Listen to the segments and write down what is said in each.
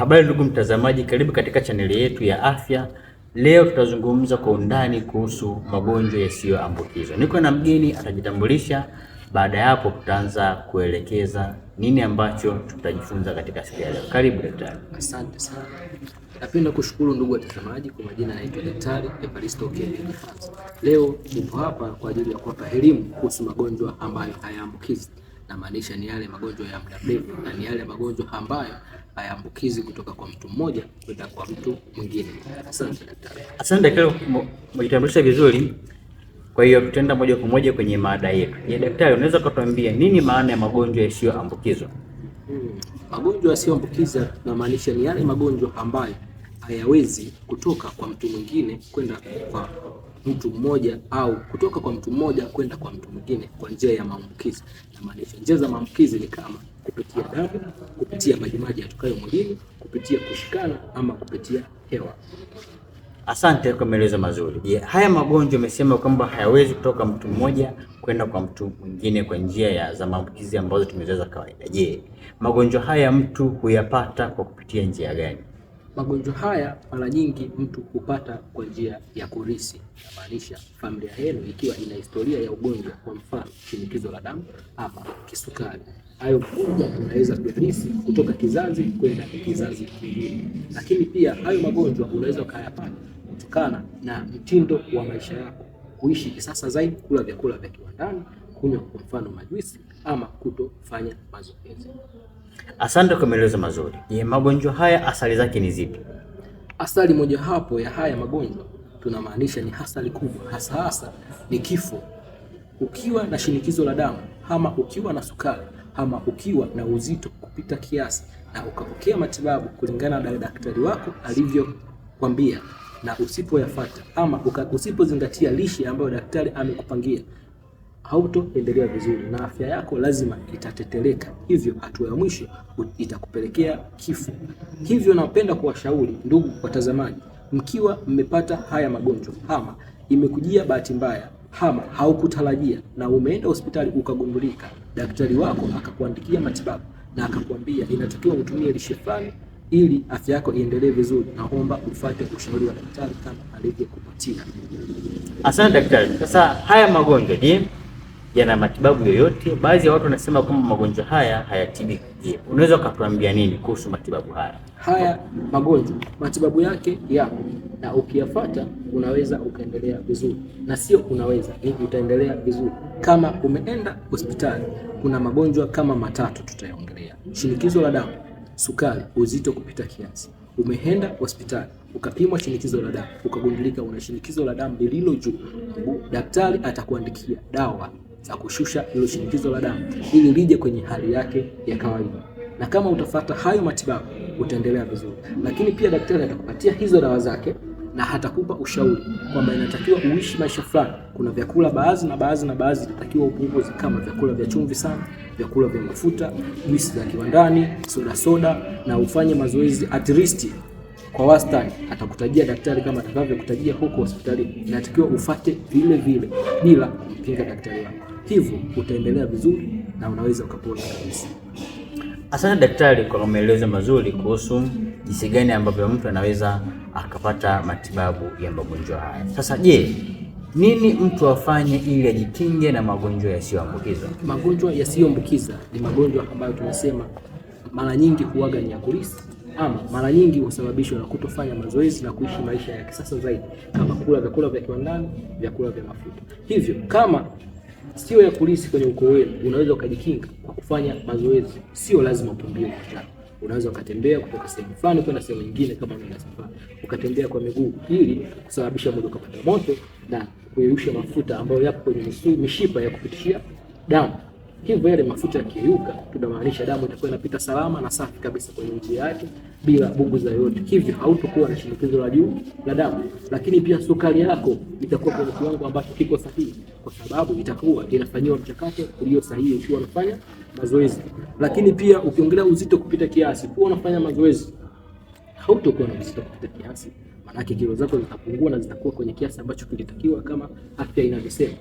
Habari ndugu mtazamaji, karibu katika chaneli yetu ya afya. Leo tutazungumza kwa undani kuhusu magonjwa yasiyoambukizwa. Niko na mgeni atajitambulisha, baada ya hapo tutaanza kuelekeza nini ambacho tutajifunza katika siku ya leo. Karibu daktari. Asante sana. Napenda kushukuru ndugu watazamaji, kwa majina naitwa Daktari Evaristo Leo nipo hapa kwa ajili ya kuwapa elimu kuhusu magonjwa ambayo hayaambukizi namaanisha ni yale magonjwa ya muda mrefu na ni yale magonjwa ambayo hayaambukizi kutoka kwa mtu mmoja kwenda kwa mtu mwingine. Asante daktari. Asante kwa kujitambulisha vizuri. Kwa hiyo tutaenda moja kwa moja kwenye mada yetu. Ya daktari, unaweza kutuambia nini maana ya magonjwa yasiyoambukizwa? Hmm. Magonjwa yasiyoambukiza namaanisha ni yale magonjwa ambayo hayawezi kutoka kwa mtu mwingine kwenda kwa mtu mmoja au kutoka kwa mtu mmoja kwenda kwa mtu mwingine kwa njia ya maambukizi. Na maana njia za maambukizi ni kama kupitia damu, kupitia majimaji yatokayo mwilini, kupitia kushikana ama kupitia hewa. Asante kwa maelezo mazuri. Je, haya magonjwa umesema kwamba hayawezi kutoka mtu mmoja kwenda kwa mtu mwingine kwa njia ya za maambukizi ambazo tumezoea kawaida. Je, magonjwa haya mtu huyapata kwa kupitia njia gani? Magonjwa haya mara nyingi mtu hupata kwa njia ya kurithi, inamaanisha familia yenu ikiwa ina historia ya ugonjwa, kwa mfano shinikizo la damu ama kisukari. Hayo magonjwa unaweza kurithi kutoka kizazi kwenda kizazi kingine, lakini pia hayo magonjwa unaweza ukayapata kutokana na mtindo wa maisha yako, kuishi kisasa zaidi, kula vyakula vya kiwandani, kunywa kwa mfano majuisi ama kutofanya mazoezi. Asante kwa maelezo mazuri. Je, magonjwa haya athari zake ni zipi? Athari mojawapo ya haya magonjwa tunamaanisha ni hasali kubwa, hasa hasa ni kifo. Ukiwa na shinikizo la damu ama ukiwa na sukari ama ukiwa na uzito kupita kiasi na ukapokea matibabu kulingana na daktari wako alivyokwambia, na usipoyafuata ama usipozingatia lishe ambayo daktari amekupangia, hautoendelea vizuri na afya yako lazima itateteleka hivyo hatua ya mwisho itakupelekea kifo. Hivyo napenda kuwashauri ndugu watazamaji, mkiwa mmepata haya magonjwa ama imekujia bahati mbaya ama haukutarajia na umeenda hospitali ukagundulika, daktari wako akakuandikia matibabu na akakwambia inatakiwa utumie lishe fulani ili afya yako iendelee vizuri, naomba ufuate ushauri wa daktari kama alivyokupatia. Asante daktari. Sasa haya magonjwa je, yana matibabu yoyote? Baadhi ya watu wanasema kwamba magonjwa haya hayatibiki. Je, unaweza ukatuambia nini kuhusu matibabu haya? Haya magonjwa matibabu yake yapo, na ukiyafuata unaweza ukaendelea vizuri, na sio unaweza ni utaendelea vizuri. Kama umeenda hospitali, kuna magonjwa kama matatu tutayaongelea: shinikizo la damu, sukari, uzito kupita kiasi. Umeenda hospitali ukapimwa shinikizo la damu, ukagundulika una shinikizo la damu lililo juu, daktari atakuandikia dawa za kushusha hilo shinikizo la damu ili lije kwenye hali yake ya kawaida, na kama utafata hayo matibabu utaendelea vizuri. Lakini pia daktari atakupatia hizo dawa zake na hatakupa ushauri kwamba inatakiwa uishi maisha fulani. Kuna vyakula baadhi na baadhi na baadhi inatakiwa upunguze, kama vyakula vya chumvi sana, vyakula vya mafuta, juisi za kiwandani, soda soda, na ufanye mazoezi at least kwa wastani. Atakutajia daktari kama atakavyokutajia huko hospitali, inatakiwa ufate vile vile bila kupinga daktari wako hivyo utaendelea vizuri na unaweza ukapona kabisa. Asante daktari kwa maelezo mazuri kuhusu jinsi gani ambavyo mtu anaweza akapata matibabu ya magonjwa haya. Sasa je, nini mtu afanye ili ajikinge na magonjwa yasiyoambukiza? Magonjwa yasiyoambukiza ni magonjwa ambayo tunasema mara nyingi huwaga ni ya kulisi ama mara nyingi husababishwa na kutofanya mazoezi na kuishi maisha ya kisasa zaidi, kama kula vyakula vya kiwandani, vyakula vya mafuta. Hivyo kama Sio ya kulisi kwenye ukoo wenu, unaweza ukajikinga kwa kufanya mazoezi. Sio lazima ukimbie uwanjani, unaweza ukatembea kutoka sehemu fulani kwenda sehemu nyingine, kama una sifa ukatembea kwa miguu, ili kusababisha mwili ukapata moto na kuyeyusha mafuta ambayo yapo kwenye mishipa ya kupitishia damu. Hivyo yale mafuta yakiyuka, tunamaanisha damu itakuwa inapita salama na safi kabisa kwenye njia yake bila bugu za yoyote, hivyo hautakuwa na shinikizo la juu la damu. Lakini pia sukari yako itakuwa kwenye kiwango ambacho kiko sahihi, kwa sababu itakuwa inafanyiwa mchakato ulio sahihi ukiwa unafanya mazoezi. Lakini pia ukiongelea uzito kupita kiasi, kuwa unafanya mazoezi hautakuwa na uzito kupita kiasi, maanake kilo zako zitapungua na zitakuwa kwenye kiasi ambacho kilitakiwa kama afya inavyosema.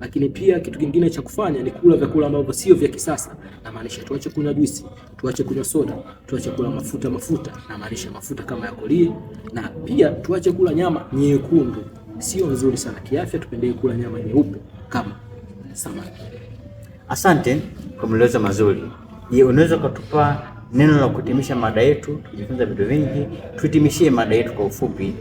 Lakini pia kitu kingine cha kufanya ni kula vyakula ambavyo sio vya kisasa, na maanisha tuache kunywa juisi, tuache kunywa soda, tuache kula mafuta mafuta, na maanisha mafuta kama ya kolii, na pia tuache kula nyama nyekundu, sio nzuri sana kiafya. Tupendee kula nyama nyeupe kama samaki. Asante kwa maelezo mazuri. Je, unaweza kutupa neno la kuhitimisha mada yetu? Tujifunza vitu vingi, tuhitimishie mada yetu kwa ufupi.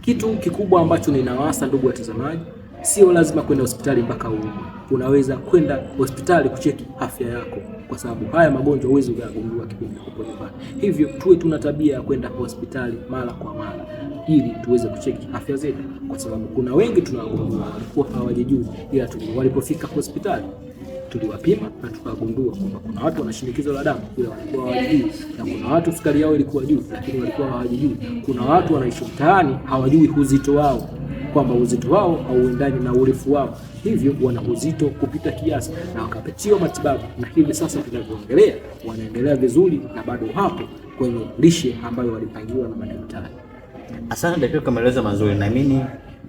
Kitu kikubwa ambacho ninawasa ndugu watazamaji Sio lazima kwenda hospitali mpaka uumwe, unaweza kwenda hospitali kucheki afya yako, kwa sababu haya magonjwa huwezi ukayagundua kipindi uko nyumbani. Hivyo tuwe tuna tabia ya kwenda hospitali mara kwa mara, ili tuweze kucheki afya zetu, kwa sababu kuna wengi tunawagundua walikuwa hawajijui, ila walipofika hospitali tuliwapima na tukagundua kwamba kuna watu wana shinikizo la damu ila walikuwa hawajui, na kuna watu sukari yao ilikuwa juu, lakini walikuwa hawajui. Kuna watu wanaishi mtaani hawajui uzito wao kwamba uzito wao hauendani na urefu wao, hivyo wana uzito kupita kiasi na wakapatiwa matibabu, na hivi sasa tunavyoongelea wanaendelea vizuri na bado hapo kwenye lishe ambayo walipangiwa na madaktari. Asante daktari kwa maelezo mazuri, naamini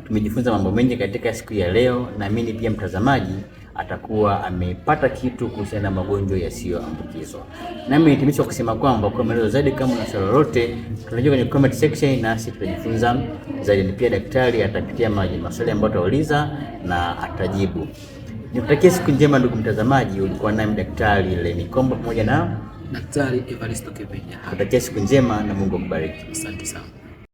tumejifunza mambo mengi katika siku ya leo, naamini pia mtazamaji atakuwa amepata kitu kuhusiana na magonjwa yasiyoambukizwa. Nami nitimisha kwa kusema kwamba kwa maelezo zaidi, kama una swali lolote, tunajua kwenye comment section, nasi tutajifunza zaidi. Ni Pia daktari atapitia maji maswali ambayo utauliza na atajibu. Nikutakia siku njema, ndugu mtazamaji. Ulikuwa nami Daktari Lenny Komba pamoja na Daktari Evaristo Kepenya. Nikutakia siku njema na Mungu akubariki. Asante sana.